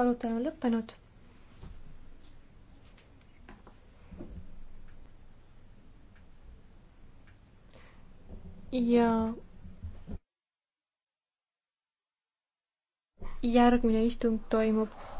arutelu on lõppenud. ja järgmine istung toimub